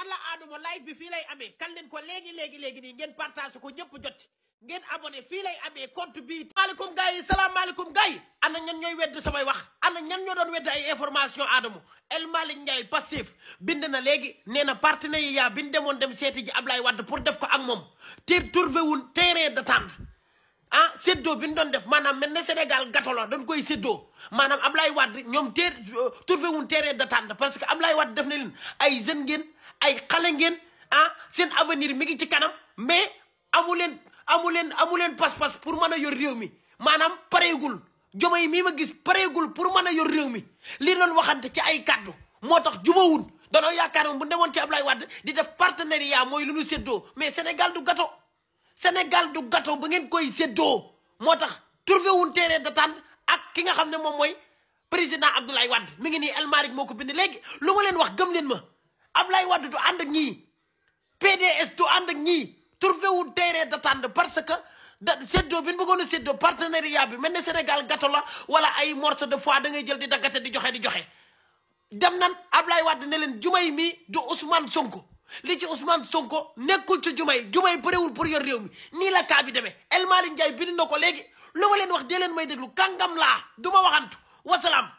alla aaduma live bi fii lay amee kan leen ko léegi léegi léegi nii ngeen partage ko ñëpp jot ngeen abonné fii lay amee compte bi maaleykum gars yi salaamaaleykum gars yi ana ñan ñooy wedd samay wax ana ñan ñoo doon wedd ay information aadamu El Malick Ndiaye Pastef bind na léegi nee na partenaires yi yaa bi demoon dem seeti ji Ablaye Wade pour def ko ak moom te trouvé wul terrain d'attente ah séddoo bi ñu doon def maanaam mel Sénégal gatolo la dañ koy séddoo maanaam Ablaye Wade ñoom te euh, trouvé wul terrain d'attente parce que Ablaye Wade def na leen ay jeunes ngeen ay xale ngeen ah seen avenir mi ngi ci kanam mais amu leen amu leen amu leen pas-pas pour mën a yor réew mi maanam pareegul joma yi mii ma gis pareegul pour mën a yor réew mi li doon waxante ci ay kàddu moo tax jubawul danoo yaakaaroon bu demoon ci Ablaye Wade di def partenariat mooy lu ñu séddoo mais Sénégal du gâteau Sénégal du gâteau ba ngeen koy séddoo moo tax trouvé wuñ terrain d'entente ak ki nga xam ne moom mooy président Abdoulaye Wade mi ngi nii El moo ko bind léegi lu leen wax gëm leen ma Ablaye Wade du ànd ak ñii PDS du ànd ak ñii trouvé wu terrain d'entente parce que da séddoo bi ñu bëggoon a séddoo partenariat bi mel ne Sénégal gâteau la wala ay morceau de foie da ngay jël di daggate di joxe di joxe. dem nan Ablaye Wade ne leen jumay mi du Ousmane Sonko li ci Ousmane Sonko nekkul ci jumay jumay bëriwul pour yor réew mi nii la kaa bi demee El Malick Ndiaye bind na ko léegi lu ma leen wax dee leen may déglu kàngam laa du ma waxantu wasalaam.